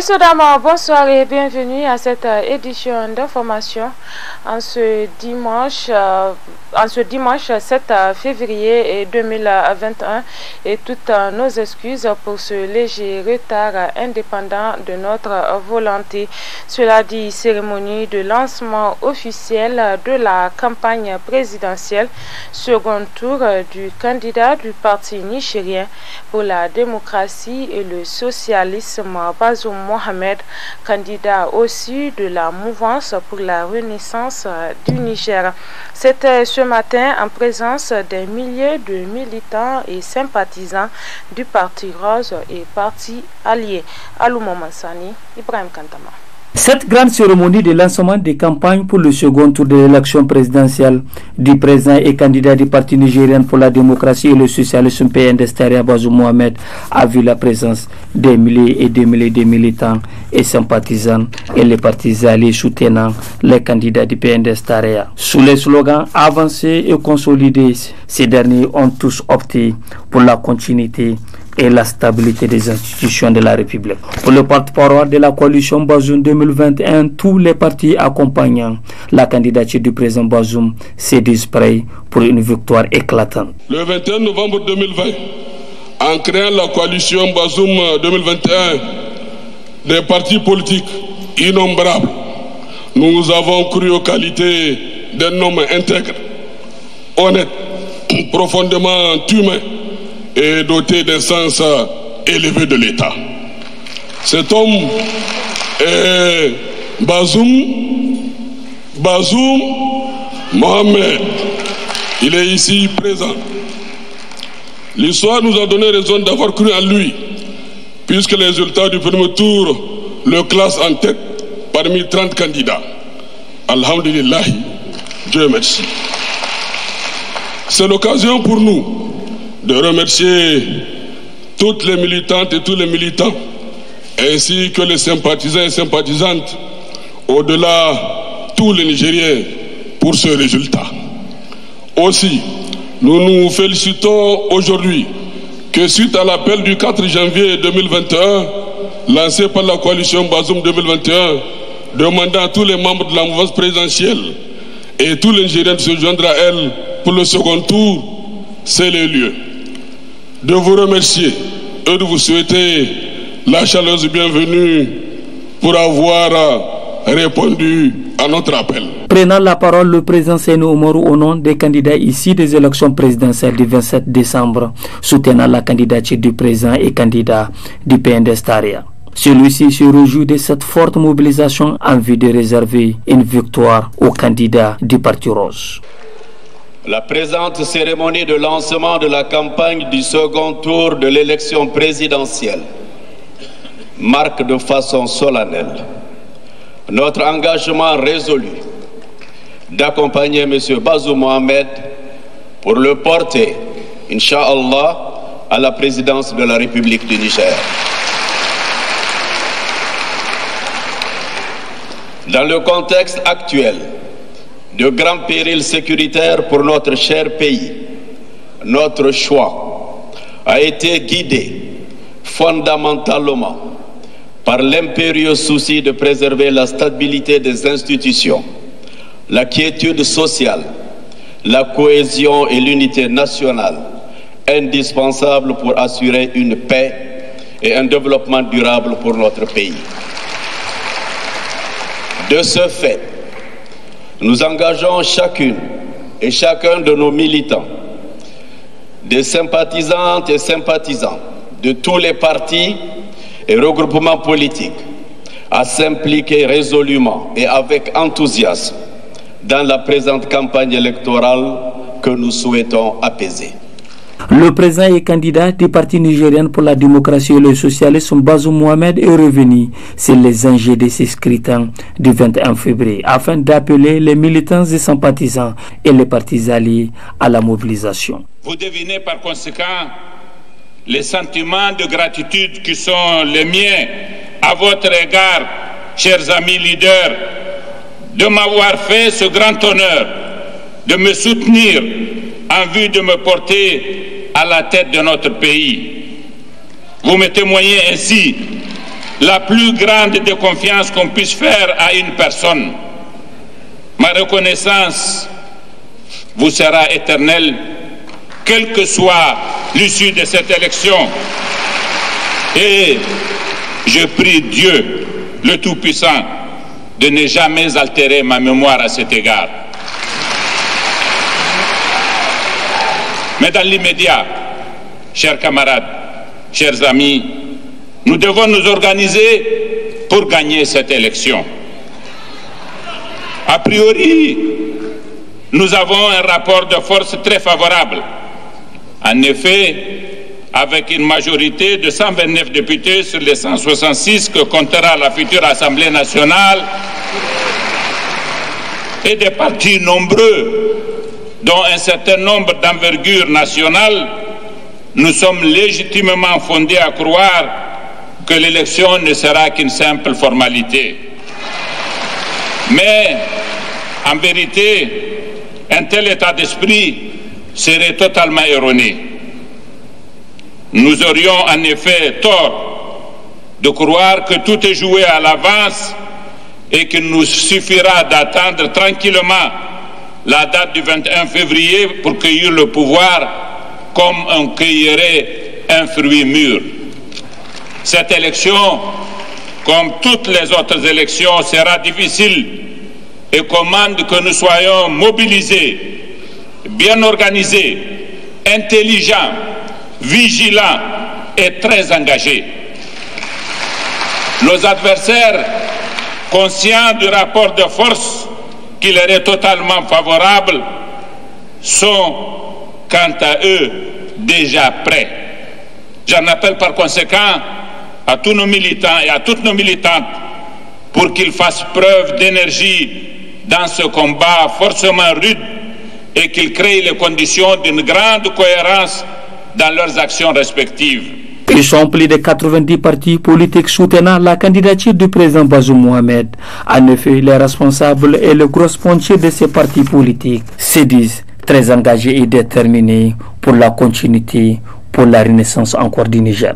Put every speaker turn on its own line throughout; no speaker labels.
Messieurs, bonsoir et bienvenue à cette euh, édition d'information en ce dimanche euh, en ce dimanche 7 euh, février 2021 et toutes euh, nos excuses pour ce léger retard indépendant de notre volonté. Cela dit, cérémonie de lancement officiel de la campagne présidentielle, second tour du candidat du parti nigérien pour la démocratie et le socialisme, Bazoum Mohamed, candidat aussi de la mouvance pour la renaissance du Niger. C'était ce matin en présence des milliers de militants et sympathisants du Parti Rose et Parti Allié. Alou Mansani, Ibrahim Kantama.
Cette grande cérémonie de lancement des campagnes pour le second tour de l'élection présidentielle du président et candidat du Parti nigérien pour la démocratie et le socialisme PNDS Bazou Mohamed a vu la présence des milliers et des milliers de militants et sympathisants et les partisans soutenant les candidats du PNDS Sous le slogan « avancer et consolider », ces derniers ont tous opté pour la continuité et la stabilité des institutions de la République. Pour le porte-parole de la coalition Bazoum 2021, tous les partis accompagnant la candidature du président Bazoum disent pour une victoire éclatante.
Le 21 novembre 2020, en créant la coalition Bazoum 2021, des partis politiques innombrables, nous avons cru aux qualités d'un homme intègre, honnête, profondément humain et doté d'un sens élevé de l'État. Cet homme est Bazoum, Bazoum Mohamed. Il est ici présent. L'histoire nous a donné raison d'avoir cru en lui, puisque les résultats du premier tour le classent en tête parmi 30 candidats. Alhamdulillah, Dieu merci. C'est l'occasion pour nous de remercier toutes les militantes et tous les militants, ainsi que les sympathisants et sympathisantes, au-delà tous les Nigériens, pour ce résultat. Aussi, nous nous félicitons aujourd'hui que suite à l'appel du 4 janvier 2021, lancé par la coalition Bazoum 2021, demandant à tous les membres de la mouvance présidentielle et tous les Nigériens de se joindre à elle pour le second tour, c'est le lieu de vous remercier et de vous souhaiter la chaleureuse bienvenue pour avoir répondu à notre appel.
Prenant la parole, le président Seynou Oumarou au nom des candidats ici des élections présidentielles du 27 décembre, soutenant la candidature du président et candidat du PNDS Taria. Celui-ci se réjouit de cette forte mobilisation en vue de réserver une victoire au candidat du Parti Rose.
La présente cérémonie de lancement de la campagne du second tour de l'élection présidentielle marque de façon
solennelle
notre engagement résolu d'accompagner M. Bazou Mohamed pour le porter, Inch'Allah, à la présidence de la République du Niger. Dans le contexte actuel, de grands périls sécuritaires pour notre cher pays, notre choix a été guidé fondamentalement par l'impérieux souci de préserver la stabilité des institutions, la quiétude sociale, la cohésion et l'unité nationale, indispensables pour assurer une paix et un développement durable pour notre pays. De ce fait, nous engageons chacune et chacun de nos militants, des sympathisantes et sympathisants de tous les partis et regroupements politiques à s'impliquer résolument et avec enthousiasme dans la présente campagne électorale que nous souhaitons apaiser.
Le président et candidat du Parti nigérien pour la démocratie et le socialisme, Bazou Mohamed, est revenu sur les enjeux de ses scrutins du 21 février afin d'appeler les militants et sympathisants et les partis alliés à la mobilisation. Vous devinez par conséquent
les sentiments de gratitude qui sont les miens à votre égard, chers amis leaders, de m'avoir fait ce grand honneur de me soutenir en vue de me porter à la tête de notre pays. Vous me témoignez ainsi la plus grande déconfiance qu'on puisse faire à une personne. Ma reconnaissance vous sera éternelle, quelle que soit l'issue de cette élection. Et je prie Dieu, le Tout-Puissant, de ne jamais altérer ma mémoire à cet égard. Mais dans l'immédiat, chers camarades, chers amis, nous devons nous organiser pour gagner cette élection. A priori, nous avons un rapport de force très favorable. En effet, avec une majorité de 129 députés sur les 166 que comptera la future Assemblée nationale et des partis nombreux dont un certain nombre d'envergures nationales, nous sommes légitimement fondés à croire que l'élection ne sera qu'une simple formalité. Mais, en vérité, un tel état d'esprit serait totalement erroné. Nous aurions en effet tort de croire que tout est joué à l'avance et qu'il nous suffira d'attendre tranquillement la date du 21 février pour cueillir le pouvoir comme on cueillerait un fruit mûr. Cette élection, comme toutes les autres élections, sera difficile et commande que nous soyons mobilisés, bien organisés, intelligents, vigilants et très engagés. Nos adversaires, conscients du rapport de force qui leur est totalement favorable sont, quant à eux, déjà prêts. J'en appelle par conséquent à tous nos militants et à toutes nos militantes pour qu'ils fassent preuve d'énergie dans ce combat forcément rude et qu'ils créent les conditions d'une grande cohérence dans leurs actions respectives.
Ils sont plus de 90 partis politiques soutenant la candidature du président Bazoum Mohamed. En effet, les responsables et le gros sponsor de ces partis politiques se disent très engagés et déterminés pour la continuité, pour la renaissance encore du Niger.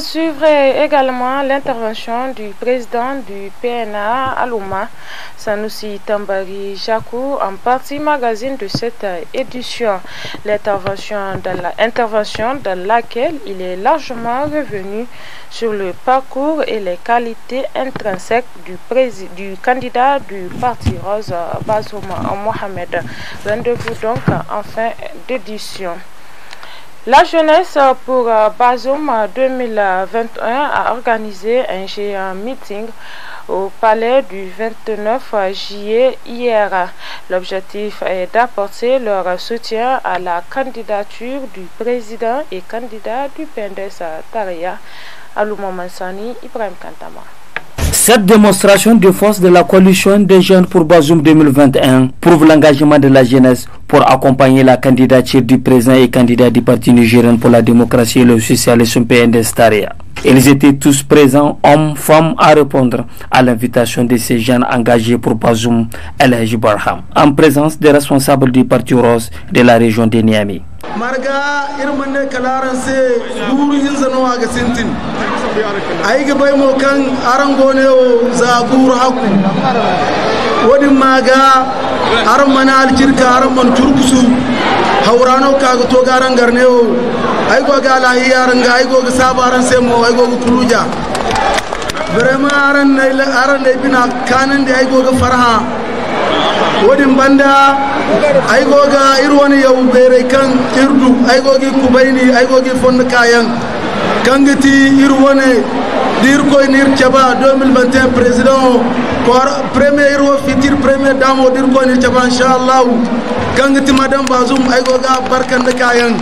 Vous suivrez également l'intervention du président du PNA Alouma, Sanusi Tambari Jakou, en partie magazine de cette édition. L'intervention dans, la, intervention dans laquelle il est largement revenu sur le parcours et les qualités intrinsèques du, du candidat du Parti Rose, Bazouma, Mohamed. Rendez-vous donc en fin d'édition. La jeunesse euh, pour euh, Bazoum 2021 euh, a organisé un géant meeting au palais du 29 juillet hier. L'objectif est d'apporter leur soutien à la candidature du président et candidat du PNDS Taria, Alouma Mansani Ibrahim Kantama.
Cette démonstration de force de la coalition des jeunes pour Bazoum 2021 prouve l'engagement de la jeunesse pour accompagner la candidature du président et candidat du Parti nigérien pour la démocratie et le socialisme PNDS Taria. Ils étaient tous présents, hommes, femmes, à répondre à l'invitation de ces jeunes engagés pour Bazoum El Barham, en présence des responsables du Parti Rose de la région de Niamey.
marga maga turkusu haurano kaga to garan garne o ay go ga lahi yaran ga ai go ga sabaran sai mo ai go ga kuluja vraiment aran nai la aran nai bina kanan da ai go ga farha wodin banda ai go ga irwani yau bere kan irdu ai go ga kubaini ai go ga fon kayan kangati irwani dir koy nir chaba 2021 president ko premier irwo fitir premier damo dir koy nir chaba inshallah gangti madam bazum ay go ga barkan da kayan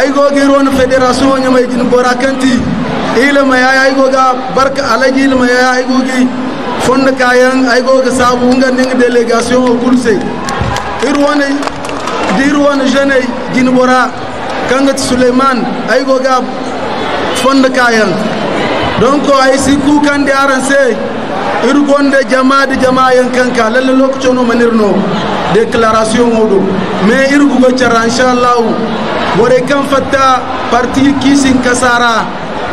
ay go gi ron federation nya mai jin bora kanti ila ya ay go ga barka alaji ila mai ay go gi fond kayan ay go ga sabu nga ning delegation o kulse irwane dirwane jene jin bora gangati suleiman ay go ga fond kayan donc ay si ku kan de aranse irgonde jamaade jamaayen kanka lalle lokacin o manirno déclaration oɗo mais irgugo cara wore kan fatta parti kisin kasara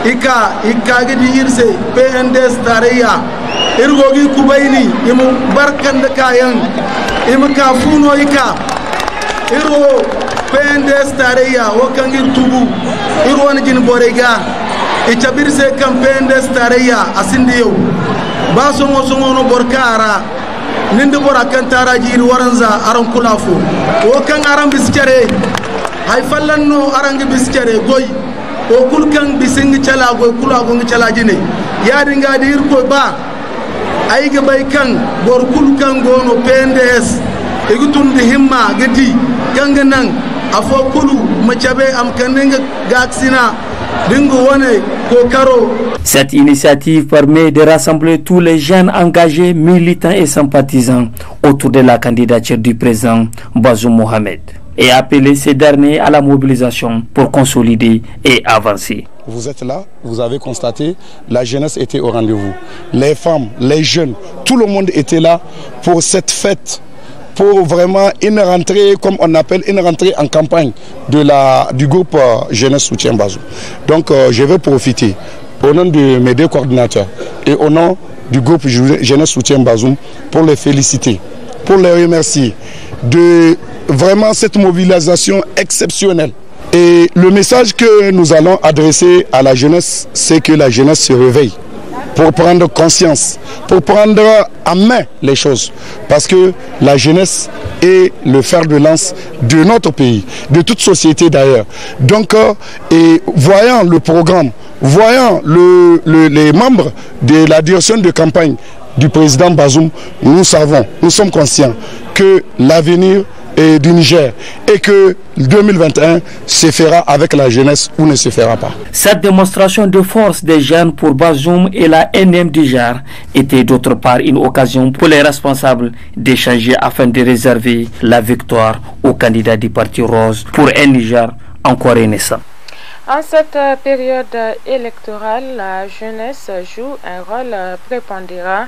ika ikagidi irse pnds tarayya irgogi kubaini imu barkan da kayan imu ika iro pnds tarayya wakan irtubu iro wani borega kan pnds no borkara nindi bora kan waran waranza aran fo o kan aran biskere hay fallanno arangi biskere goy o kul kan bisingi cala goy go ngi chala jine yadi ngadi ko ba ge bay kan gor kul kan gono pnds igutundi himma gedi ganga nan afo kulu macabe am kan ninga gaksina
dingu wone Cette initiative permet de rassembler tous les jeunes engagés, militants et sympathisants autour de la candidature du président Bazoum Mohamed et appeler ces derniers à la mobilisation pour consolider et avancer.
Vous êtes là, vous avez constaté, la jeunesse était au rendez-vous. Les femmes, les jeunes, tout le monde était là pour cette fête pour vraiment une rentrée, comme on appelle une rentrée en campagne de la, du groupe euh, Jeunesse Soutien Bazou. Donc euh, je vais profiter au nom de mes deux coordinateurs et au nom du groupe Jeunesse Soutien Bazoum pour les féliciter, pour les remercier de vraiment cette mobilisation exceptionnelle. Et le message que nous allons adresser à la jeunesse, c'est que la jeunesse se réveille pour prendre conscience, pour prendre en main les choses. Parce que la jeunesse est le fer de lance de notre pays, de toute société d'ailleurs. Donc, euh, et voyant le programme, voyant les membres de la direction de campagne du président Bazoum, nous savons, nous sommes conscients que l'avenir du Niger et que 2021
se fera avec la jeunesse ou ne se fera pas. Cette démonstration de force des jeunes pour Bazoum et la NM du était d'autre part une occasion pour les responsables d'échanger afin de réserver la victoire aux candidats du Parti Rose pour un Niger encore renaissant.
En cette euh, période électorale, la jeunesse joue un rôle prépondérant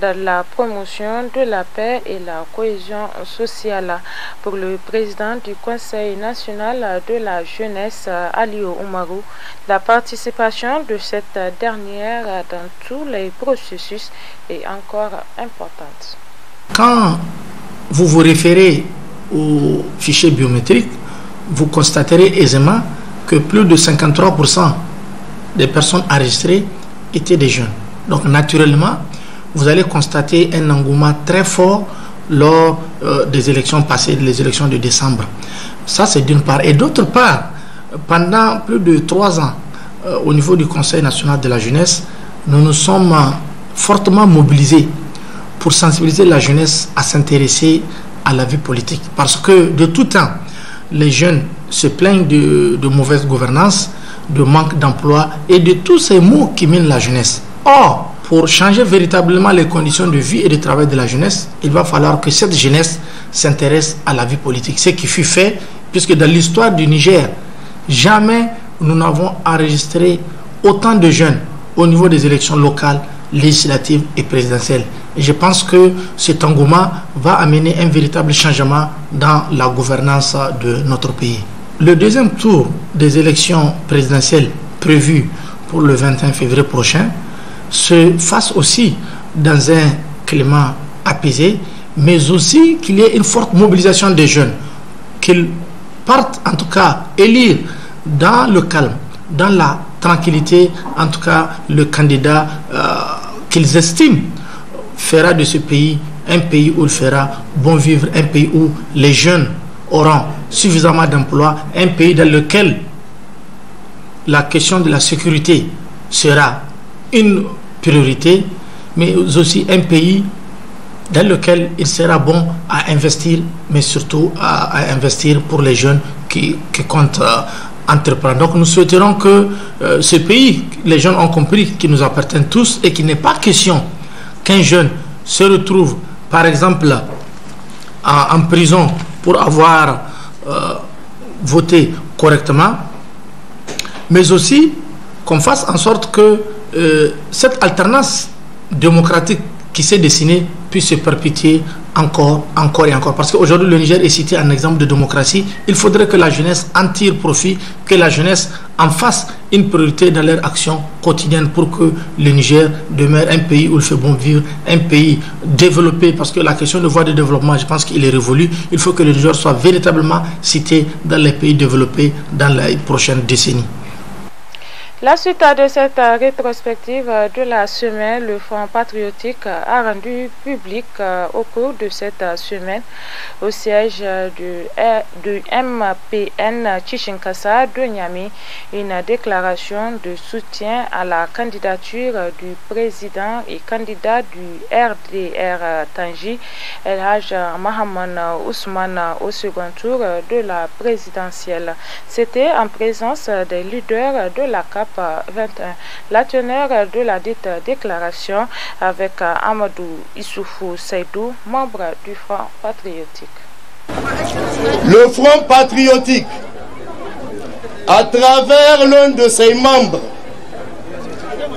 dans la promotion de la paix et la cohésion sociale. Pour le président du Conseil national de la jeunesse, Alio Oumarou, la participation de cette dernière dans tous les processus est encore importante.
Quand vous vous référez aux fichiers biométriques, vous constaterez aisément plus de 53% des personnes enregistrées étaient des jeunes. Donc naturellement, vous allez constater un engouement très fort lors euh, des élections passées, les élections de décembre. Ça, c'est d'une part. Et d'autre part, pendant plus de trois ans, euh, au niveau du Conseil national de la jeunesse, nous nous sommes fortement mobilisés pour sensibiliser la jeunesse à s'intéresser à la vie politique. Parce que de tout temps, les jeunes se plaignent de, mauvaise gouvernance, de manque d'emploi et de tous ces maux qui minent la jeunesse. Or, pour changer véritablement les conditions de vie et de travail de la jeunesse, il va falloir que cette jeunesse s'intéresse à la vie politique. Ce qui fut fait, puisque dans l'histoire du Niger, jamais nous n'avons enregistré autant de jeunes au niveau des élections locales, législatives et présidentielles. Et je pense que cet engouement va amener un véritable changement dans la gouvernance de notre pays. Le deuxième tour des élections présidentielles prévues pour le 21 février prochain se fasse aussi dans un climat apaisé, mais aussi qu'il y ait une forte mobilisation des jeunes, qu'ils partent en tout cas élire dans le calme, dans la tranquillité, en tout cas le candidat euh, qu'ils estiment fera de ce pays un pays où il fera bon vivre, un pays où les jeunes auront suffisamment d'emplois, un pays dans lequel la question de la sécurité sera une priorité, mais aussi un pays dans lequel il sera bon à investir, mais surtout à, investir pour les jeunes qui, qui comptent euh, entreprendre. Donc nous souhaiterons que euh, ce pays, les jeunes ont compris, qui nous appartiennent tous et qu'il n'est pas question qu'un jeune se retrouve, par exemple, en prison pour avoir euh, voté correctement, mais aussi qu'on fasse en sorte que euh, cette alternance démocratique qui s'est dessinée puisse se perpétuer encore, encore et encore. Parce qu'aujourd'hui, le Niger est cité un exemple de démocratie. Il faudrait que la jeunesse en tire profit, que la jeunesse en fasse une priorité dans leur action quotidienne pour que le Niger demeure un pays où il fait bon vivre, un pays développé. Parce que la question de voie de développement, je pense qu'il est révolu. Il faut que le Niger soit véritablement cité dans les pays développés dans les prochaines décennies.
La suite de cette euh, rétrospective euh, de la semaine, le Front patriotique euh, a rendu public au cours de cette semaine au siège du, MPN Chichinkasa de Niamey une déclaration de soutien à la candidature du président et candidat du RDR Tangi, El Haj Mahaman Ousmane au second tour de la présidentielle. C'était en présence des leaders de la CAP 21. La teneur de la déclaration avec euh, Amadou Issoufou Seydou, membre du Front patriotique.
Le Front patriotique, à travers l'un de ses membres,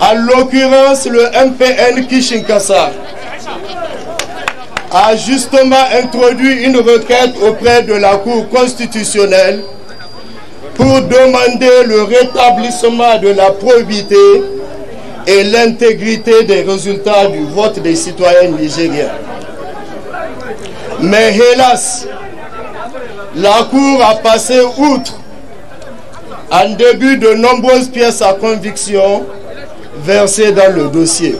à l'occurrence le MPN Kishinkasa, a justement introduit une requête auprès de la Cour constitutionnelle pour demander le rétablissement de la probité et l'intégrité des résultats du vote des citoyens nigériens. Mais hélas, la Cour a passé outre en début de nombreuses pièces à conviction versées dans le dossier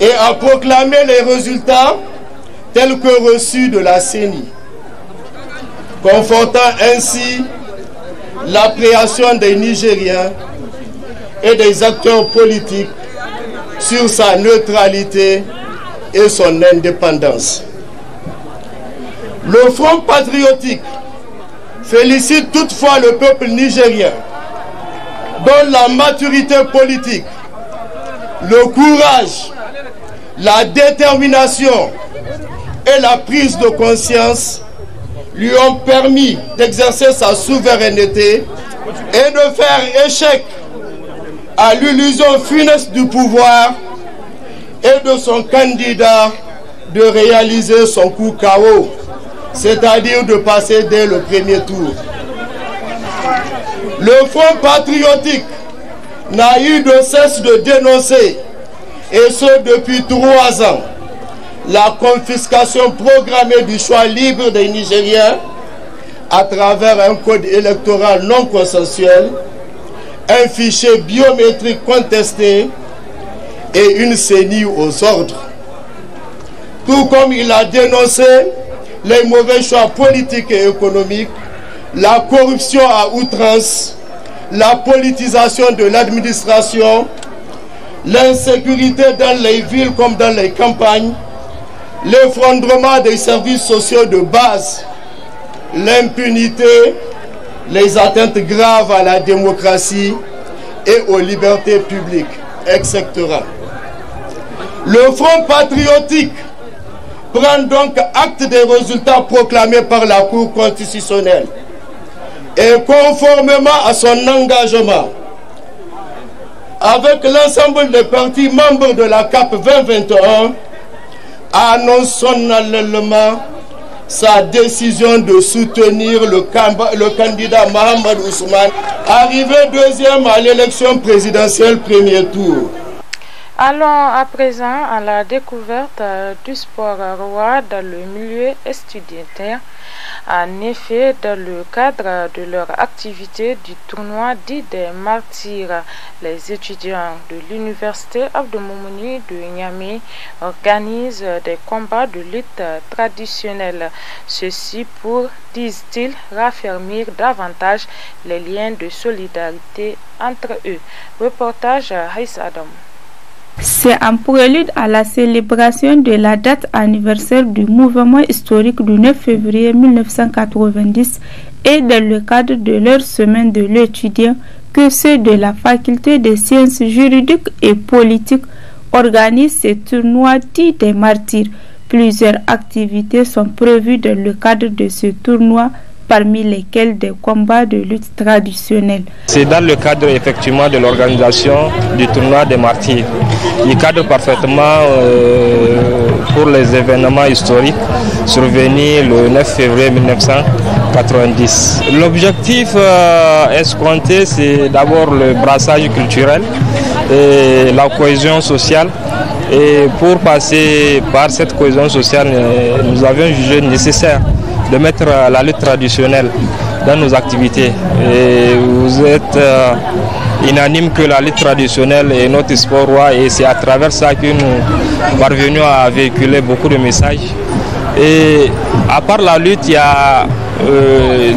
et a proclamé les résultats tels que reçus de la CENI confortant ainsi l'appréhension des Nigériens et des acteurs politiques sur sa neutralité et son indépendance. Le Front patriotique félicite toutefois le peuple nigérien dont la maturité politique, le courage, la détermination et la prise de conscience lui ont permis d'exercer sa souveraineté et de faire échec à l'illusion funeste du pouvoir et de son candidat de réaliser son coup KO, c'est-à-dire de passer dès le premier tour. Le Front patriotique n'a eu de cesse de dénoncer, et ce depuis trois ans, la confiscation programmée du choix libre des Nigériens à travers un code électoral non consensuel, un fichier biométrique contesté et une CENI aux ordres. Tout comme il a dénoncé les mauvais choix politiques et économiques, la corruption à outrance, la politisation de l'administration, l'insécurité dans les villes comme dans les campagnes, l'effondrement des services sociaux de base, l'impunité, les atteintes graves à la démocratie et aux libertés publiques, etc. Le Front patriotique prend donc acte des résultats proclamés par la Cour constitutionnelle et conformément à son engagement avec l'ensemble des partis membres de la CAP 2021, annonce allèlement sa décision de soutenir le, le candidat Mohamed Ousmane, arrivé deuxième à l'élection présidentielle premier tour.
Allons à présent à la découverte euh, du sport roi dans le milieu étudiant. En effet, dans le cadre de leur activité du tournoi dit des martyrs, les étudiants de l'université Moumouni de Niamey organisent des combats de lutte traditionnelle. Ceci pour, disent-ils, raffermir davantage les liens de solidarité entre eux. Reportage Haïs Adam.
C'est en prélude à la célébration de la date anniversaire du mouvement historique du 9 février 1990 et dans le cadre de leur semaine de l'étudiant que ceux de la faculté des sciences juridiques et politiques organisent ce tournoi dit des martyrs. Plusieurs activités sont prévues dans le cadre de ce tournoi parmi lesquels des combats de lutte traditionnelle.
C'est dans le cadre effectivement de l'organisation du tournoi des martyrs. Il cadre parfaitement euh, pour les événements historiques survenus le 9 février 1990. L'objectif euh, escompté, c'est d'abord le brassage culturel et la cohésion sociale et pour passer par cette cohésion sociale, euh, nous avions jugé nécessaire de mettre euh, la lutte traditionnelle dans nos activités. Et vous êtes inanime euh, que la lutte traditionnelle est notre sport roi et c'est à travers ça que nous parvenons à véhiculer beaucoup de messages. Et à part la lutte, il y a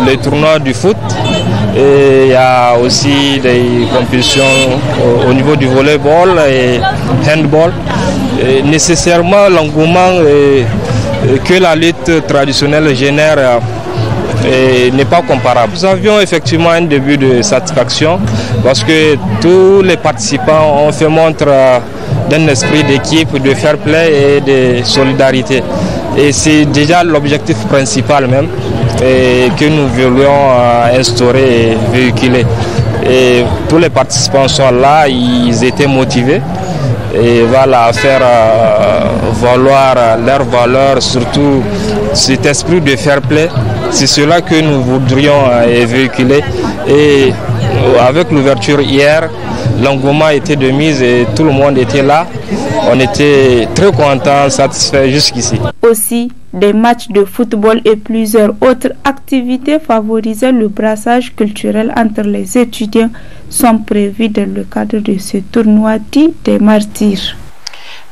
les tournois du foot, il y a aussi des compétitions au, niveau du volleyball et handball. nécessairement, l'engouement que la lutte traditionnelle génère euh, n'est pas comparable. Nous avions effectivement un début de satisfaction parce que tous les participants ont fait montre euh, d'un esprit d'équipe, de fair play et de solidarité. Et c'est déjà l'objectif principal même que nous voulions euh, instaurer et véhiculer. Et tous les participants sont là, ils étaient motivés et voilà, faire euh, valoir euh, leurs valeurs, surtout cet esprit de fair play. C'est cela que nous voudrions véhiculer. Et avec l'ouverture hier, l'engouement était de mise et tout le monde était là on était très contents, satisfaits jusqu'ici.
Aussi, des matchs de football et plusieurs autres activités favorisant le brassage culturel entre les étudiants sont prévus dans le cadre de ce tournoi dit des martyrs.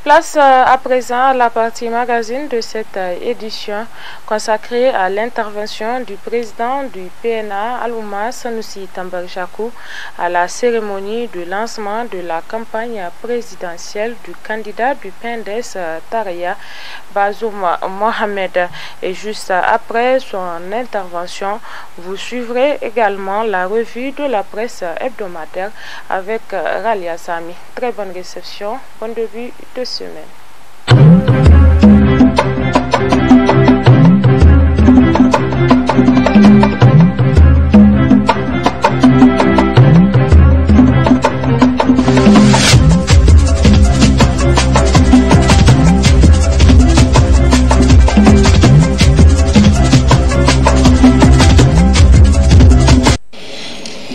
Place euh, à présent la partie magazine de cette euh, édition consacrée à l'intervention du président du PNA, Alouma Sanoussi Tambarjakou, à la cérémonie de lancement de la campagne présidentielle du candidat du PNDES euh, Taria Bazoum Mohamed. Et juste après son intervention, vous suivrez également la revue de la presse hebdomadaire avec Ralia Sami. Très bonne réception, bon début de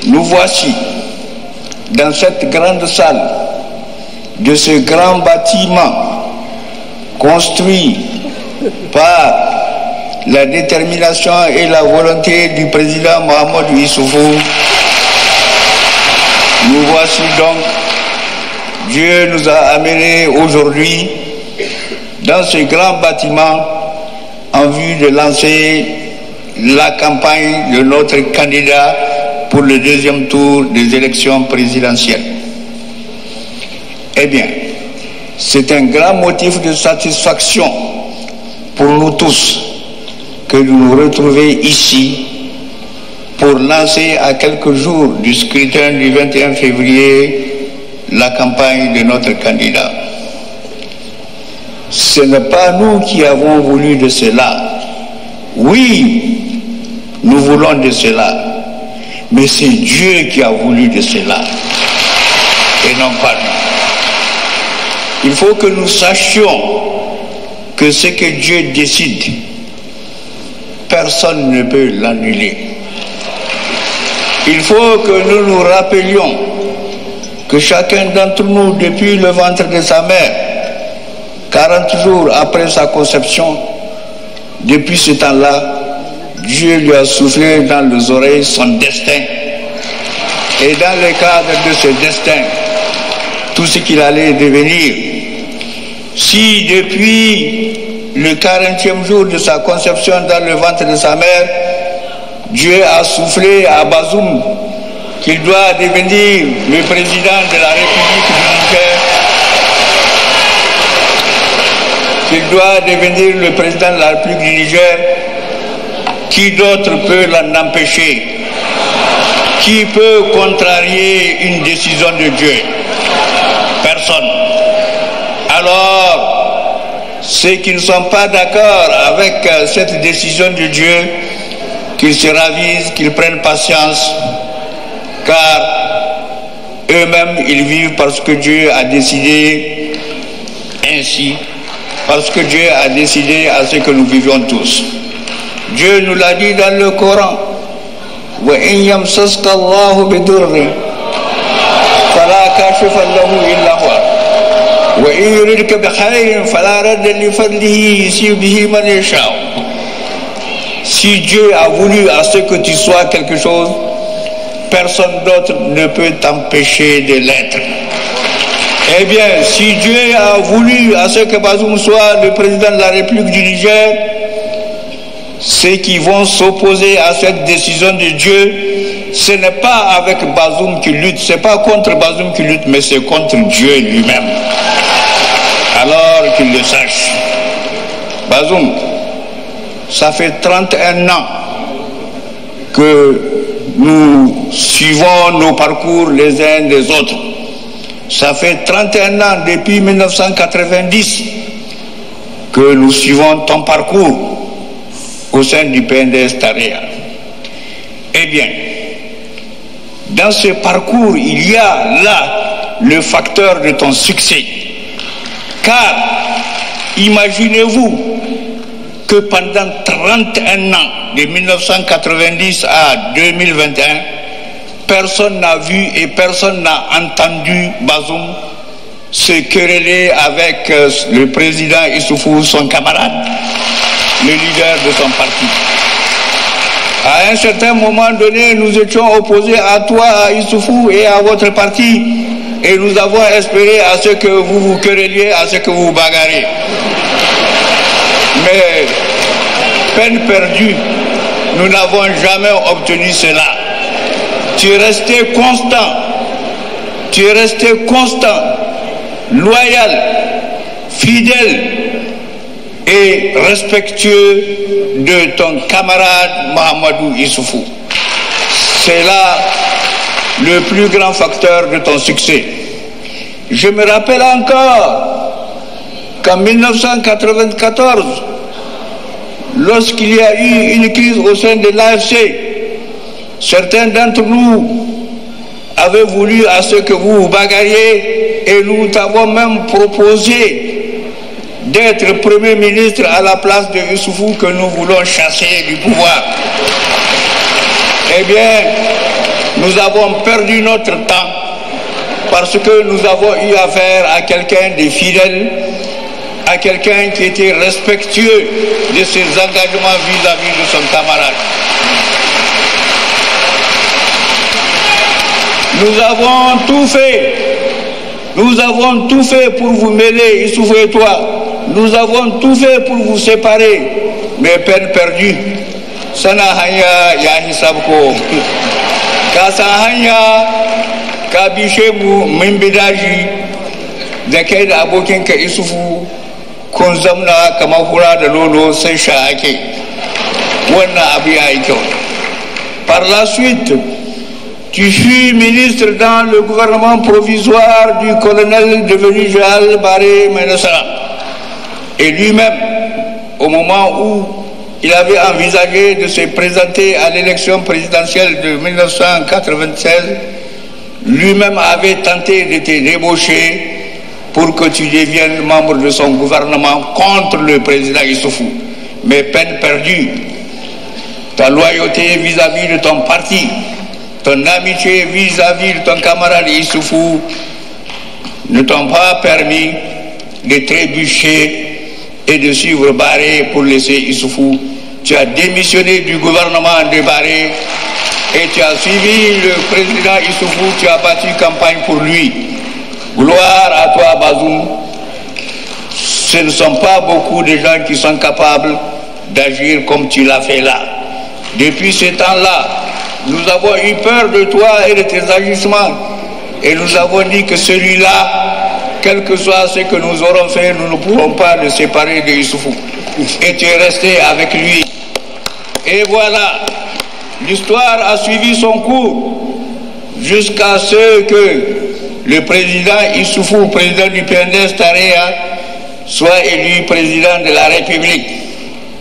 nous voici, dans cette grande salle, de ce grand bâtiment construit par la détermination et la volonté du président Mohamed Issoufou. Nous voici donc, Dieu nous a amenés aujourd'hui dans ce grand bâtiment en vue de lancer la campagne de notre candidat pour le deuxième tour des élections présidentielles. Eh bien, c'est un grand motif de satisfaction pour nous tous que nous nous retrouvions ici pour lancer à quelques jours du scrutin du 21 février la campagne de notre candidat. Ce n'est pas nous qui avons voulu de cela. Oui, nous voulons de cela. Mais c'est Dieu qui a voulu de cela. Et non pas nous. Il faut que nous sachions que ce que Dieu décide, personne ne peut l'annuler. Il faut que nous nous rappelions que chacun d'entre nous, depuis le ventre de sa mère, 40 jours après sa conception, depuis ce temps-là, Dieu lui a soufflé dans les oreilles son destin. Et dans le cadre de ce destin, tout ce qu'il allait devenir, si depuis le 40e jour de sa conception dans le ventre de sa mère, Dieu a soufflé à Bazoum qu'il doit devenir le président de la République du Niger, qu'il doit devenir le président de la République du Niger, qui d'autre peut l'en empêcher Qui peut contrarier une décision de Dieu Personne. Alors, ceux qui ne sont pas d'accord avec euh, cette décision de Dieu, qu'ils se ravisent, qu'ils prennent patience, car eux-mêmes, ils vivent parce que Dieu a décidé ainsi, parce que Dieu a décidé à ce que nous vivions tous. Dieu nous l'a dit dans le Coran. Si Dieu a voulu à ce que tu sois quelque chose, personne d'autre ne peut t'empêcher de l'être. Eh bien, si Dieu a voulu à ce que Bazoum soit le président de la République du Niger, ceux qui vont s'opposer à cette décision de Dieu, ce n'est pas avec Bazoum qui lutte, ce n'est pas contre Bazoum qui lutte, mais c'est contre Dieu lui-même qu'il le sache. Bazoum, ça fait 31 ans que nous suivons nos parcours les uns des autres. Ça fait 31 ans depuis 1990 que nous suivons ton parcours au sein du PNDS Taréa. Eh bien, dans ce parcours, il y a là le facteur de ton succès. Car imaginez-vous que pendant 31 ans, de 1990 à 2021, personne n'a vu et personne n'a entendu Bazoum se quereller avec euh, le président Issoufou, son camarade, le leader de son parti. À un certain moment donné, nous étions opposés à toi, à Issoufou et à votre parti et nous avons espéré à ce que vous vous querelliez, à ce que vous vous bagarrez. Mais peine perdue, nous n'avons jamais obtenu cela. Tu es resté constant, tu es resté constant, loyal, fidèle et respectueux de ton camarade Mahamadou Issoufou. C'est là le plus grand facteur de ton succès. Je me rappelle encore qu'en 1994, lorsqu'il y a eu une crise au sein de l'AFC, certains d'entre nous avaient voulu à ce que vous vous bagarriez et nous t'avons même proposé d'être Premier ministre à la place de Youssoufou que nous voulons chasser du pouvoir. Eh bien, nous avons perdu notre temps parce que nous avons eu affaire à quelqu'un de fidèle, à quelqu'un qui était respectueux de ses engagements vis-à-vis de son camarade. Nous avons tout fait. Nous avons tout fait pour vous mêler, et et toi. Nous avons tout fait pour vous séparer. Mais peine perdue. Sana hanya ka sa hanya ka bishe mu mun bi daji da kai da isufu kun zamna kamar lolo secha sha ake wannan abu par la suite tu fus ministre dans le gouvernement provisoire du colonel devenu Jal Baré Ménessa et lui-même au moment où il avait envisagé de se présenter à l'élection présidentielle de 1996. Lui-même avait tenté de te débaucher pour que tu deviennes membre de son gouvernement contre le président Issoufou. Mais peine perdue. Ta loyauté vis-à-vis de ton parti, ton amitié vis-à-vis de ton camarade Issoufou ne t'ont pas permis de trébucher et de suivre Barré pour laisser Issoufou. Tu as démissionné du gouvernement de Barré et tu as suivi le président Issoufou, tu as battu campagne pour lui. Gloire à toi, Bazoum. Ce ne sont pas beaucoup de gens qui sont capables d'agir comme tu l'as fait là. Depuis ce temps-là, nous avons eu peur de toi et de tes agissements. Et nous avons dit que celui-là, quel que soit ce que nous aurons fait, nous ne pouvons pas le séparer de Et tu es resté avec lui. Et voilà, l'histoire a suivi son cours jusqu'à ce que le président Issoufou, président du PNDS Tarea, soit élu président de la République.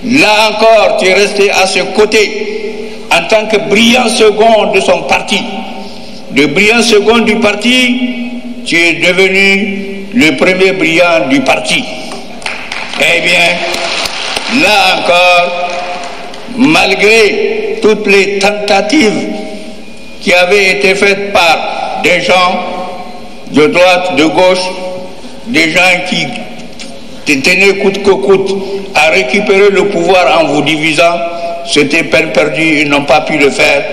Là encore, tu es resté à ce côté en tant que brillant second de son parti. Le brillant second du parti tu es devenu le premier brillant du parti. Eh bien, là encore, malgré toutes les tentatives qui avaient été faites par des gens de droite, de gauche, des gens qui tenaient coûte que coûte à récupérer le pouvoir en vous divisant, c'était peine perdue, ils n'ont pas pu le faire.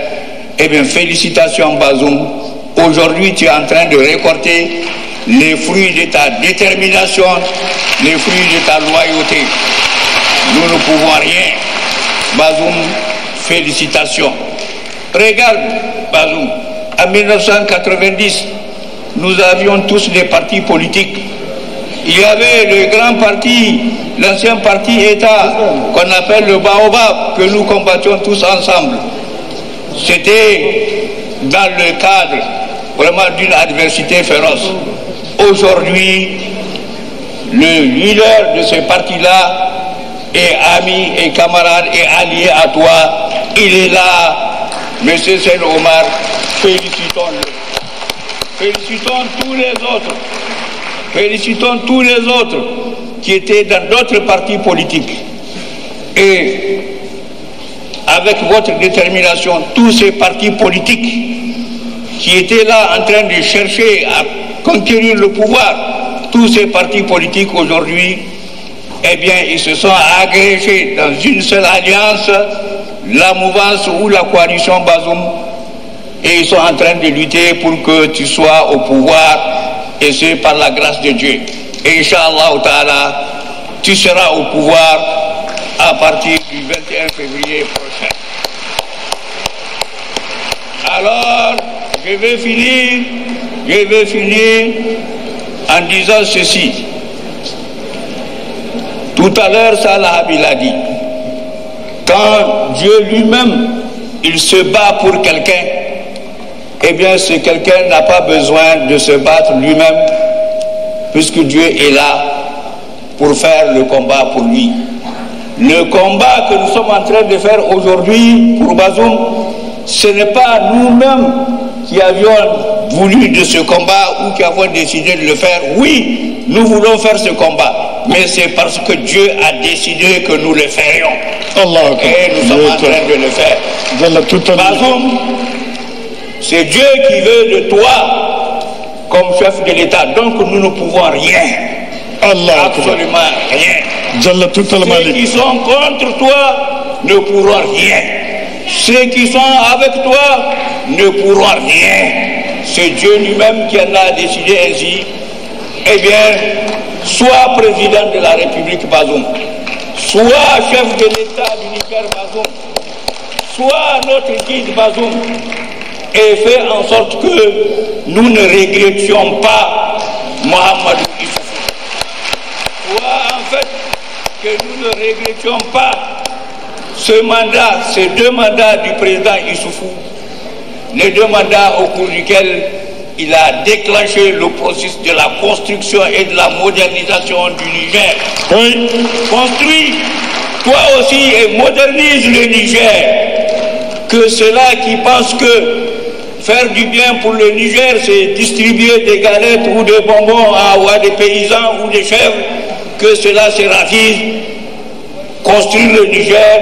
Eh bien, félicitations Bazoum, Aujourd'hui, tu es en train de récolter les fruits de ta détermination, les fruits de ta loyauté. Nous ne pouvons rien. Bazoum, félicitations. Regarde, Bazoum, en 1990, nous avions tous des partis politiques. Il y avait le grand parti, l'ancien parti État, qu'on appelle le Baobab, que nous combattions tous ensemble. C'était dans le cadre vraiment d'une adversité féroce. Aujourd'hui, le leader de ce parti-là est ami et camarade et allié à toi. Il est là, M. Sen Omar. Félicitons-le. Félicitons tous les autres. Félicitons tous les autres qui étaient dans d'autres partis politiques. Et avec votre détermination, tous ces partis politiques qui étaient là en train de chercher à conquérir le pouvoir, tous ces partis politiques aujourd'hui, eh bien, ils se sont agrégés dans une seule alliance, la mouvance ou la coalition Bazoum, et ils sont en train de lutter pour que tu sois au pouvoir, et c'est par la grâce de Dieu. Et Inch'Allah tu seras au pouvoir à partir du 21 février prochain. Alors, je vais finir, en disant ceci. Tout à l'heure, Salah a dit. Quand Dieu lui-même, il se bat pour quelqu'un, eh bien, ce quelqu'un n'a pas besoin de se battre lui-même, puisque Dieu est là pour faire le combat pour lui. Le combat que nous sommes en train de faire aujourd'hui pour Bazoum, ce n'est pas nous-mêmes qui avions voulu de ce combat ou qui avons décidé de le faire, oui, nous voulons faire ce combat. Mais c'est parce que Dieu a décidé que nous le ferions. Et nous sommes en train de le faire. c'est Dieu qui veut de toi comme chef de l'État. Donc nous ne pouvons rien. Absolument rien.
Ceux qui
sont contre toi ne pourront rien. Ceux qui sont avec toi ne pourront rien. C'est Dieu lui-même qui en a décidé ainsi. Eh bien, soit président de la République Bazoum, soit chef de l'État militaire Bazoum, soit notre guide Bazoum, et fait en sorte que nous ne regrettions pas Mohamed Issoufou. Soit en fait que nous ne regrettions pas ce mandat, ces deux mandats du président Issoufou, les deux mandats au cours duquel il a déclenché le processus de la construction et de la modernisation du Niger. Construis, toi aussi, et modernise le Niger. Que ceux-là qui pensent que faire du bien pour le Niger, c'est distribuer des galettes ou des bonbons à, des paysans ou des chèvres, que cela se ravise Construire le Niger,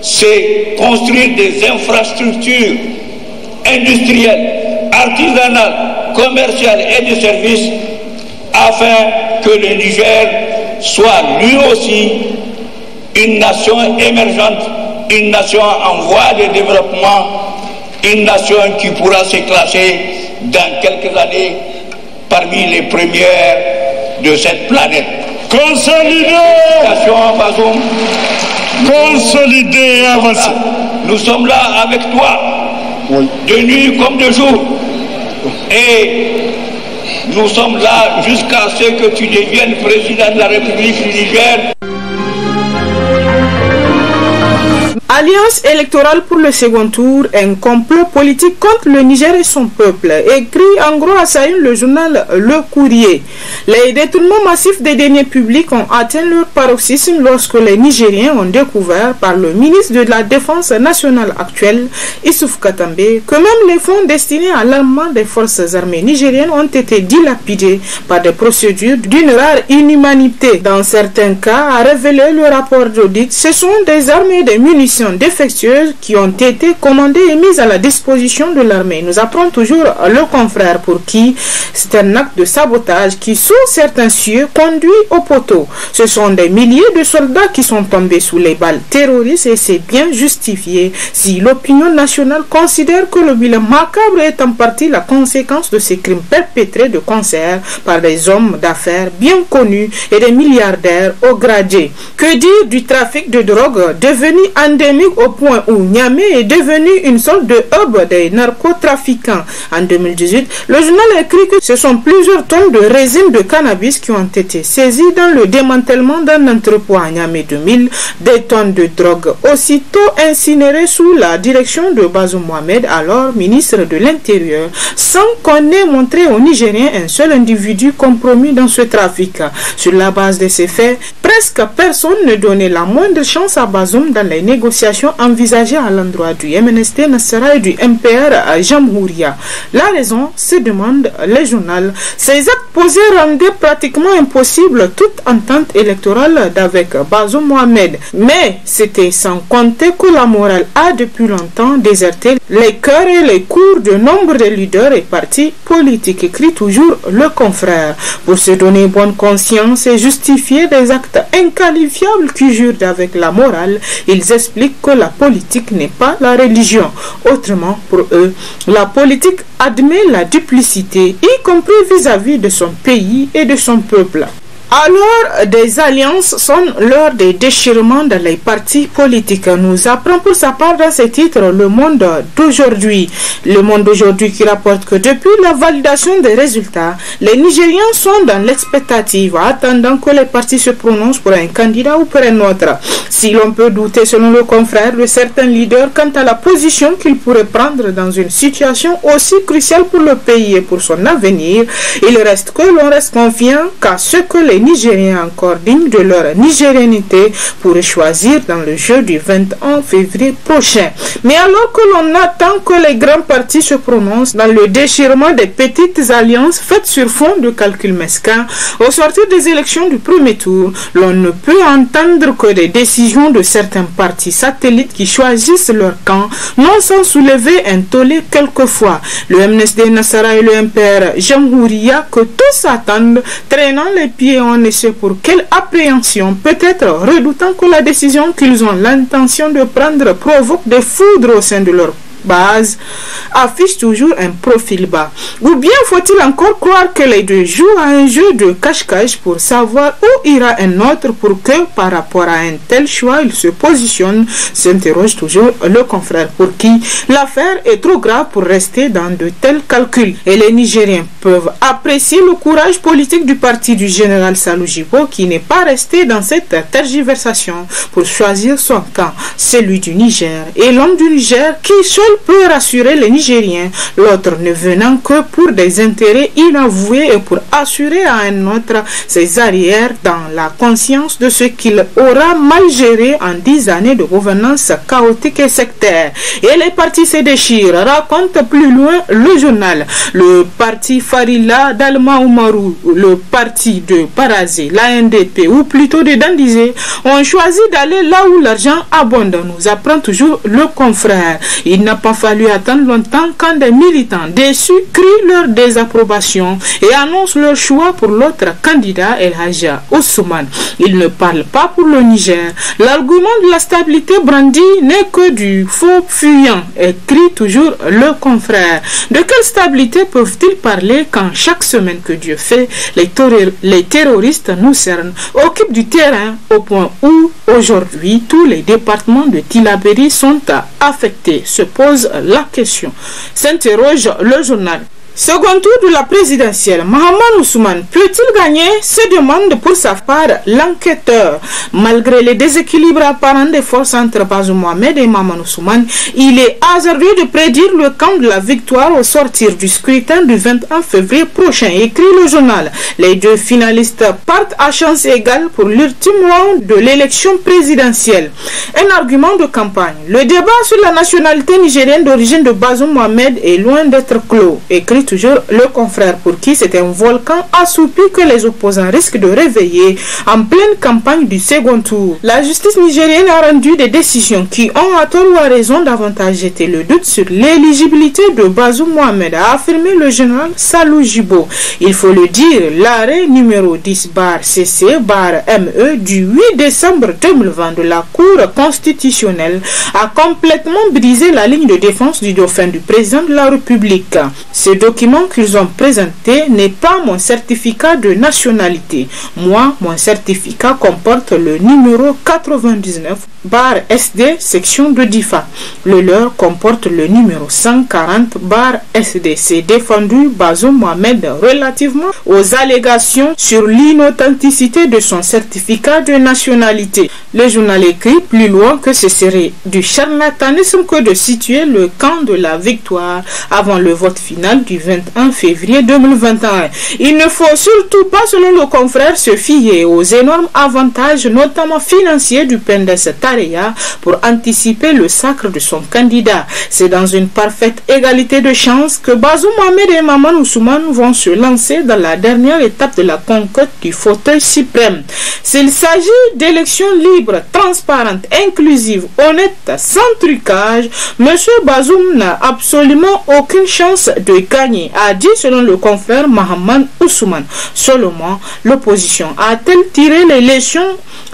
c'est construire des infrastructures industrielles, artisanales, commerciales et de services afin que le Niger soit lui aussi une nation émergente, une nation en voie de développement, une nation qui pourra se classer dans quelques années parmi les premières de cette planète. Consolider. Consolider et avancer. Ah, nous sommes là avec toi, de nuit comme de jour. Et nous sommes là jusqu'à ce que tu deviennes président de la République du
Alliance électorale pour le second tour, un complot politique contre le Niger et son peuple, écrit en gros à Saïd, le journal Le Courrier. Les détournements massifs des deniers publics ont atteint leur paroxysme lorsque les Nigériens ont découvert par le ministre de la Défense nationale actuel Issouf Katambe, que même les fonds destinés à l'armement des forces armées nigériennes ont été dilapidés par des procédures d'une rare inhumanité. Dans certains cas, a révélé le rapport d'audit, ce sont des armées et des munitions défectueuses qui ont été commandées et mises à la disposition de l'armée. Nous apprenons toujours le confrère pour qui c'est un acte de sabotage qui, sous certains cieux, conduit au poteau. Ce sont des milliers de soldats qui sont tombés sous les balles terroristes et c'est bien justifié si l'opinion nationale considère que le bilan macabre est en partie la conséquence de ces crimes perpétrés de concert par des hommes d'affaires bien connus et des milliardaires au gradé. Que dire du trafic de drogue devenu endémique au point où Niamey est devenu une sorte de hub des narcotrafiquants. En 2018, le journal écrit que ce sont plusieurs tonnes de résine de cannabis qui ont été saisies dans le démantèlement d'un entrepôt à Niamey 2000, des tonnes de drogue aussitôt incinérées sous la direction de Bazoum Mohamed, alors ministre de l'Intérieur, sans qu'on ait montré aux Nigériens un seul individu compromis dans ce trafic. Sur la base de ces faits, presque personne ne donnait la moindre chance à Bazoum dans les négociations envisagée à l'endroit du MNST ne et du MPR à Jamhouria. La raison, se demande le journal. Ces actes posés rendaient pratiquement impossible toute entente électorale d'avec Bazoum Mohamed. Mais c'était sans compter que la morale a depuis longtemps déserté les cœurs et les cours de nombreux leaders et partis politiques, écrit toujours le confrère. Pour se donner bonne conscience et justifier des actes inqualifiables qui jurent avec la morale, ils expliquent que la politique n'est pas la religion. Autrement, pour eux, la politique admet la duplicité, y compris vis à -vis de son pays et de son peuple. Alors, des alliances sont l'heure des déchirements dans les partis politiques. Nous apprend pour sa part dans ce titre le monde d'aujourd'hui. Le monde d'aujourd'hui qui rapporte que depuis la validation des résultats, les Nigériens sont dans l'expectative, attendant que les partis se prononcent pour un candidat ou pour un autre. Si l'on peut douter, selon nos confrères, de certains leaders quant à la position qu'ils pourraient prendre dans une situation aussi cruciale pour le pays et pour son avenir, il reste que l'on reste confiant qu'à ce que les Nigériens encore dignes de leur nigérianité pour choisir dans le jeu du 21 février prochain. Mais alors que l'on attend que les grands partis se prononcent dans le déchirement des petites alliances faites sur fond de calcul mesquin, au sortir des élections du premier tour, l'on ne peut entendre que des décisions de certains partis satellites qui choisissent leur camp, non sans soulever un tollé quelquefois. Le MNSD Nassara et le MPR Jamhouria, que tous attendent, traînant les pieds en ne sait pour quelle appréhension, peut-être redoutant que la décision qu'ils ont l'intention de prendre provoque des foudres au sein de leur base affiche toujours un profil bas. Ou bien faut-il encore croire que les deux jouent à un jeu de cache-cache pour savoir où ira un autre pour que par rapport à un tel choix il se positionne, s'interroge toujours le confrère pour qui l'affaire est trop grave pour rester dans de tels calculs. Et les Nigériens peuvent apprécier le courage politique du parti du général Salou qui n'est pas resté dans cette tergiversation pour choisir son camp, celui du Niger. Et l'homme du Niger qui, seul peut rassurer les Nigériens, l'autre ne venant que pour des intérêts inavoués et pour assurer à un autre ses arrières dans la conscience de ce qu'il aura mal géré en dix années de gouvernance chaotique et sectaire. Et les partis se déchirent, raconte plus loin le journal. Le parti Farila d'Alma Oumarou, le parti de Parazé, l'ANDP ou plutôt de Dandizé, ont choisi d'aller là où l'argent abonde, nous apprend toujours le confrère. Il n'a pas fallu attendre longtemps quand des militants déçus crient leur désapprobation et annoncent leur choix pour l'autre candidat El Haja Ousmane. Ils ne parlent pas pour le Niger. L'argument de la stabilité brandi n'est que du faux fuyant, écrit toujours le confrère. De quelle stabilité peuvent-ils parler quand chaque semaine que Dieu fait, les, terroristes nous cernent, occupent du terrain au point où aujourd'hui tous les départements de Tilaberi sont affectés, ce la question, s'interroge le journal. Second tour de la présidentielle, Mohamed Ousmane peut-il gagner se demande pour sa part l'enquêteur. Malgré les déséquilibres apparents des forces entre Bazou Mohamed et Mohamed Ousmane, il est hasardé de prédire le camp de la victoire au sortir du scrutin du 21 février prochain, écrit le journal. Les deux finalistes partent à chance égale pour l'ultime round de l'élection présidentielle. Un argument de campagne. Le débat sur la nationalité nigérienne d'origine de Bazou Mohamed est loin d'être clos, écrit toujours le confrère pour qui c'est un volcan assoupi que les opposants risquent de réveiller en pleine campagne du second tour. La justice nigérienne a rendu des décisions qui ont à tort ou à raison davantage jeté le doute sur l'éligibilité de Bazou Mohamed, a affirmé le général Salou Jibo. Il faut le dire, l'arrêt numéro 10 bar CC bar ME du 8 décembre 2020 de la Cour constitutionnelle a complètement brisé la ligne de défense du dauphin du président de la République. Ces deux document qu'ils ont présenté n'est pas mon certificat de nationalité. Moi, mon certificat comporte le numéro 99 bar SD section de DIFA. Le leur comporte le numéro 140 bar SD. C'est défendu Bazoum Mohamed relativement aux allégations sur l'inauthenticité de son certificat de nationalité. Le journal écrit plus loin que ce serait du charlatanisme que de situer le camp de la victoire avant le vote final du 21 février 2021. Il ne faut surtout pas, selon le confrère, se fier aux énormes avantages, notamment financiers, du PNDS Tareya pour anticiper le sacre de son candidat. C'est dans une parfaite égalité de chance que Bazoum Mohamed et Maman Ousmane vont se lancer dans la dernière étape de la conquête du fauteuil suprême. S'il s'agit d'élections libres, transparentes, inclusives, honnêtes, sans trucage, M. Bazoum n'a absolument aucune chance de gagner a dit selon le confrère Mohamed Ousmane. Seulement, l'opposition a-t-elle tiré les leçons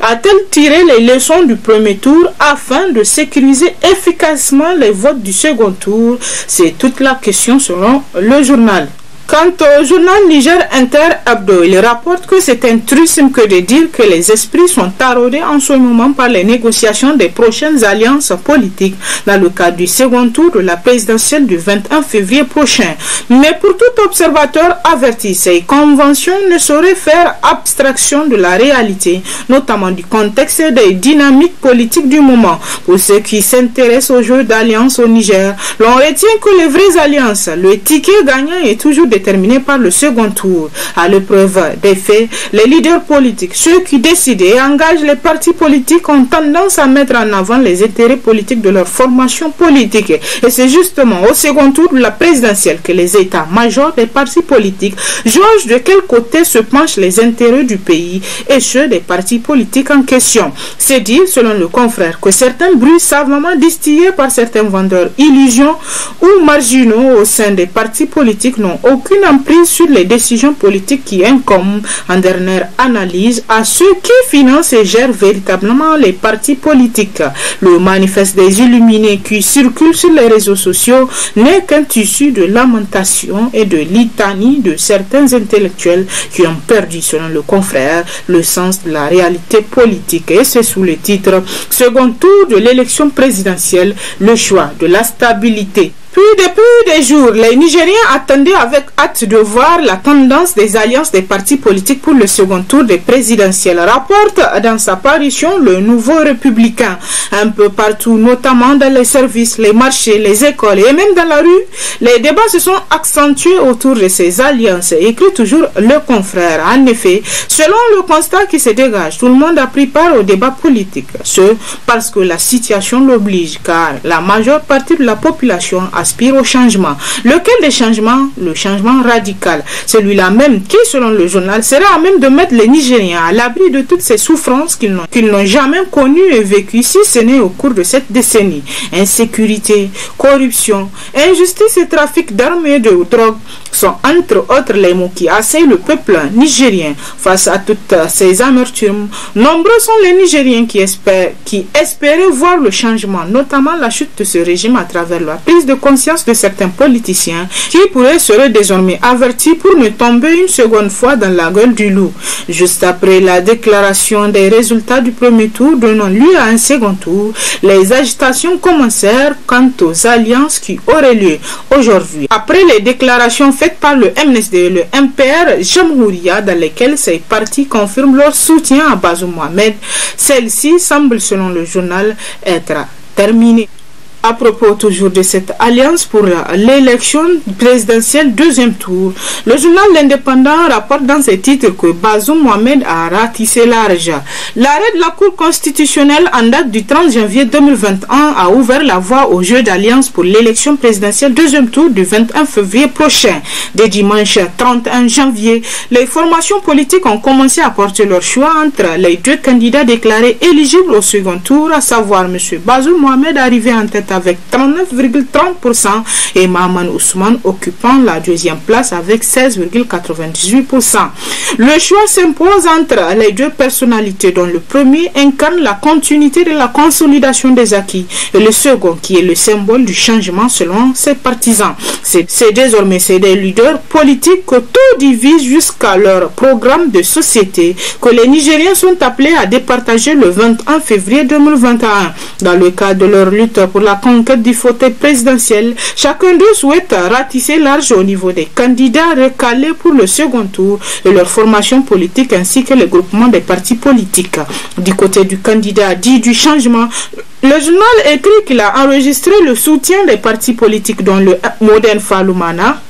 a-t-elle tiré les leçons du premier tour afin de sécuriser efficacement les votes du second tour C'est toute la question selon le journal. Quant au journal Niger Inter Abdo, il rapporte que c'est un que de dire que les esprits sont taraudés en ce moment par les négociations des prochaines alliances politiques dans le cadre du second tour de la présidentielle du 21 février prochain. Mais pour tout observateur averti, ces conventions ne sauraient faire abstraction de la réalité, notamment du contexte et des dynamiques politiques du moment. Pour ceux qui s'intéressent au jeu d'alliance au Niger, l'on retient que les vraies alliances, le ticket gagnant est toujours des terminé par le second tour. À l'épreuve des faits, les leaders politiques, ceux qui décident et engagent les partis politiques, ont tendance à mettre en avant les intérêts politiques de leur formation politique. Et c'est justement au second tour de la présidentielle que les états-majors des partis politiques jugent de quel côté se penchent les intérêts du pays et ceux des partis politiques en question. C'est dire, selon le confrère, que certains bruits savamment distillés par certains vendeurs illusions ou marginaux au sein des partis politiques n'ont aucun une emprise sur les décisions politiques qui incombent en dernière analyse à ceux qui financent et gèrent véritablement les partis politiques. Le manifeste des illuminés qui circule sur les réseaux sociaux n'est qu'un tissu de lamentation et de litanie de certains intellectuels qui ont perdu, selon le confrère, le sens de la réalité politique. Et c'est sous le titre Second tour de l'élection présidentielle, le choix de la stabilité depuis des jours, les Nigériens attendaient avec hâte de voir la tendance des alliances des partis politiques pour le second tour des présidentielles. Rapporte dans sa parution le nouveau républicain. Un peu partout, notamment dans les services, les marchés, les écoles et même dans la rue, les débats se sont accentués autour de ces alliances, écrit toujours le confrère. En effet, selon le constat qui se dégage, tout le monde a pris part au débat politique. Ce, parce que la situation l'oblige, car la majeure partie de la population a aspire au changement. Lequel des changements Le changement radical. Celui-là même qui, selon le journal, sera à même de mettre les Nigériens à l'abri de toutes ces souffrances qu'ils n'ont jamais connues et vécues, si ce n'est au cours de cette décennie. Insécurité, corruption, injustice et trafic d'armes et de drogue sont entre autres les mots qui assaillent le peuple nigérien face à toutes ces amertumes. Nombreux sont les Nigériens qui, espèrent, qui espéraient voir le changement, notamment la chute de ce régime à travers la prise de conscience de certains politiciens qui pourraient seraient désormais avertis pour ne tomber une seconde fois dans la gueule du loup. Juste après la déclaration des résultats du premier tour donnant lieu à un second tour, les agitations commencèrent quant aux alliances qui auraient lieu aujourd'hui. Après les déclarations faites par le MSD et le MPR Jamhouria dans lesquelles ces partis confirment leur soutien à Bazou Mohamed, celle-ci semble selon le journal être terminée. À propos toujours de cette alliance pour l'élection présidentielle deuxième tour, le journal L'Indépendant rapporte dans ses titres que Bazoum Mohamed a ratissé large. L'arrêt de la Cour constitutionnelle en date du 30 janvier 2021 a ouvert la voie au jeu d'alliance pour l'élection présidentielle deuxième tour du 21 février prochain. De dimanche 31 janvier, les formations politiques ont commencé à porter leur choix entre les deux candidats déclarés éligibles au second tour, à savoir M. Bazoum Mohamed arrivé en tête avec 39,30% et maman Ousmane occupant la deuxième place avec 16,98%. Le choix s'impose entre les deux personnalités dont le premier incarne la continuité de la consolidation des acquis et le second qui est le symbole du changement selon ses partisans. C'est désormais c'est des leaders politiques que tout divise jusqu'à leur programme de société que les Nigériens sont appelés à départager le 21 février 2021 dans le cadre de leur lutte pour la conquête du fauteuil présidentiel, chacun d'eux souhaite ratisser l'argent au niveau des candidats recalés pour le second tour et leur formation politique ainsi que le groupement des partis politiques. Du côté du candidat dit du changement, le journal écrit qu'il a enregistré le soutien des partis politiques dont le Modern Falumana,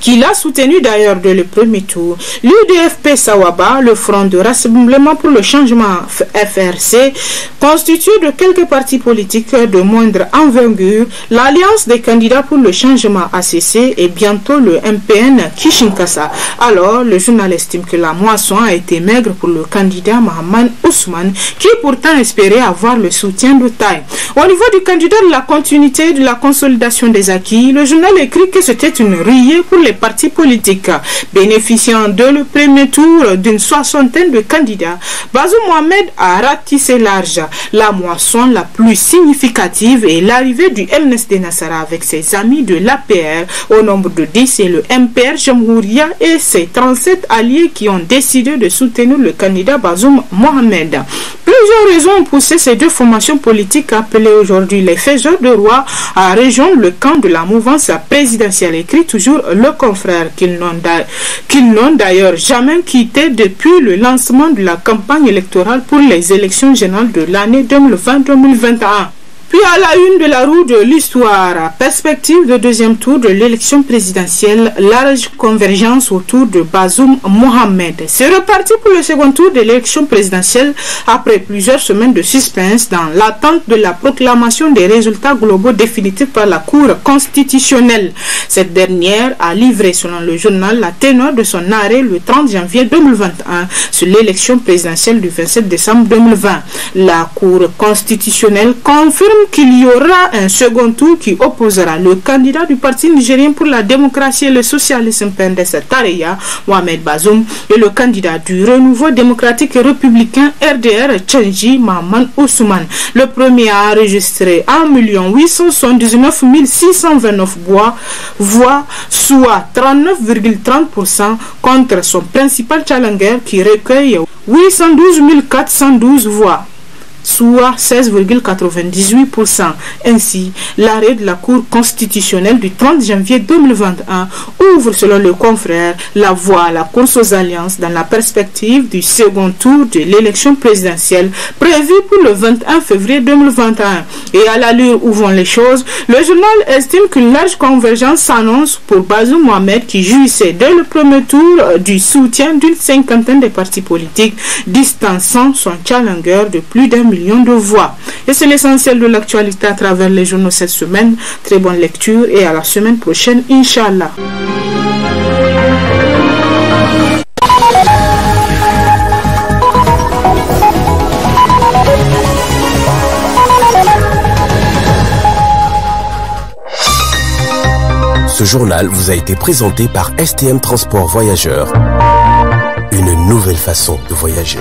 qui l'a soutenu d'ailleurs dès le premier tour. L'UDFP Sawaba, le Front de Rassemblement pour le Changement FRC, constitué de quelques partis politiques de moindre envergure, l'Alliance des candidats pour le changement ACC et bientôt le MPN Kishinkasa. Alors, le journal estime que la moisson a été maigre pour le candidat Mohamed Ousmane, qui pourtant espérait avoir le soutien de taille. Au niveau du candidat de la continuité de la consolidation des acquis, le journal écrit que c'était une riée pour les les partis politiques, bénéficiant de le premier tour d'une soixantaine de candidats. Bazoum Mohamed a ratissé large la moisson la plus significative est l'arrivée du MNSD Nassara avec ses amis de l'APR au nombre de 10 et le MPR Jamhouria et ses 37 alliés qui ont décidé de soutenir le candidat Bazoum Mohamed. Plusieurs raisons ont poussé ces deux formations politiques appelées aujourd'hui les faiseurs de roi à rejoindre le camp de la mouvance présidentielle, écrit toujours le confrères qu'ils n'ont d'ailleurs jamais quitté depuis le lancement de la campagne électorale pour les élections générales de l'année 2020-2021. Puis à la une de la roue de l'histoire, perspective de deuxième tour de l'élection présidentielle, large convergence autour de Bazoum Mohamed. C'est reparti pour le second tour de l'élection présidentielle après plusieurs semaines de suspense dans l'attente de la proclamation des résultats globaux définitifs par la Cour constitutionnelle. Cette dernière a livré, selon le journal, la teneur de son arrêt le 30 janvier 2021 sur l'élection présidentielle du 27 décembre 2020. La Cour constitutionnelle confirme qu'il y aura un second tour qui opposera le candidat du Parti nigérien pour la démocratie et le socialisme Pendesa Tareya, Mohamed Bazoum, et le candidat du renouveau démocratique et républicain RDR, Tchenji Maman Ousmane. Le premier a enregistré 1 879 voix, voix soit 39,30% contre son principal challenger qui recueille 812 412 voix soit 16,98%. Ainsi, l'arrêt de la Cour constitutionnelle du 30 janvier 2021 ouvre, selon le confrère, la voie à la course aux alliances dans la perspective du second tour de l'élection présidentielle prévue pour le 21 février 2021. Et à l'allure où vont les choses, le journal estime qu'une large convergence s'annonce pour Bazou Mohamed qui jouissait dès le premier tour euh, du soutien d'une cinquantaine de partis politiques, distançant son challenger de plus d'un millions de voix. Et c'est l'essentiel de l'actualité à travers les journaux cette semaine. Très bonne lecture et à la semaine prochaine, Inch'Allah.
Ce journal vous a été présenté par STM Transport Voyageurs. Une nouvelle façon de voyager.